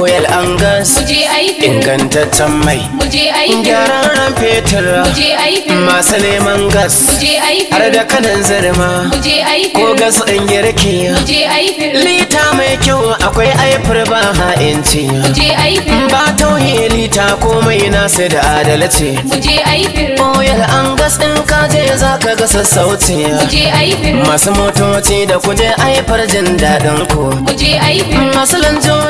oil an gas ingantaccen mai gyararren fetur masu neman gas har da kanan zarma ko gas ɗin girki lita mai kyau akwai aifir ba ha'inci ba tauye lita komai nasu da adalci oil an gas ɗin kaje za ka ga sassauci masu motoci da kuje aifar jin daɗin ku masu lanjo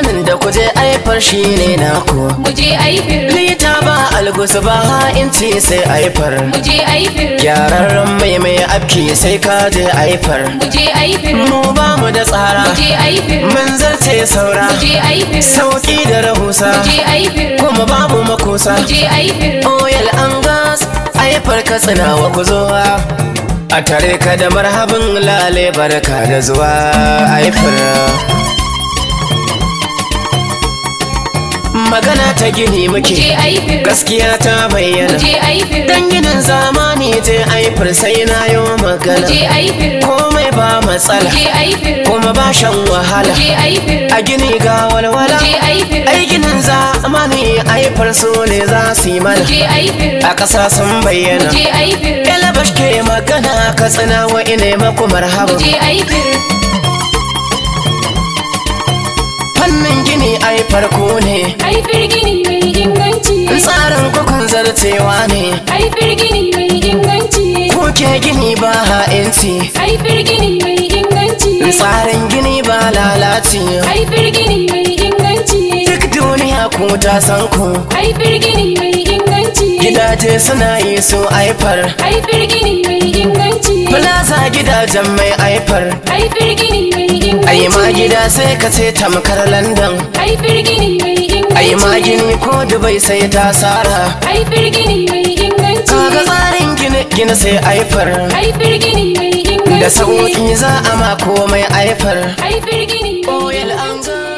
ne na ku. Muje aifir Lita ba algusu ba inci sai aifar Muje aifir Gyararren mai mai abki sai ka je aifar Muje aifir Mu ba mu da tsara Muje aifir Mun zarce saura Muje aifir Sauki da rahusa Muje aifir Kuma mu makusa Muje aifir Oyal angas gas aifar ka wa ku zuwa. a tare ka da marhabin lale barka da zuwa aifar magana ta gini muke gaskiya ta bayyana dan ginin zamani ta aifir sai na yo magana komai ba matsala kuma ba shan wahala a gini ga walwala ai ginin zamani aifar su ne za su yi mana a ƙasa sun bayyana elabash ke magana ka tsina wa ina maku marhaba farko ne ai firgini mai inganci tsarin kukun zartewa ne ai firgini mai inganci kuke gini ba ha'inci ai firgini mai inganci tsarin gini ba lalaci ai firgini mai inganci duk duniya ku ta san ku ai firgini mai inganci gidaje suna yi su aifar ai firgini mai inganci plaza gidajen mai aifar ai firgini mai Ayi ma gida sai ka ce makar London. Ai birgini mai inganci. Ayi ma gini ko Dubai sai ta sara. Ai birgini mai inganci. ga tsarin gine gine sai aifar. Ai birgini mai inganci. Da sauki za a ma komai aifar. Ai birgini. Oil an zo.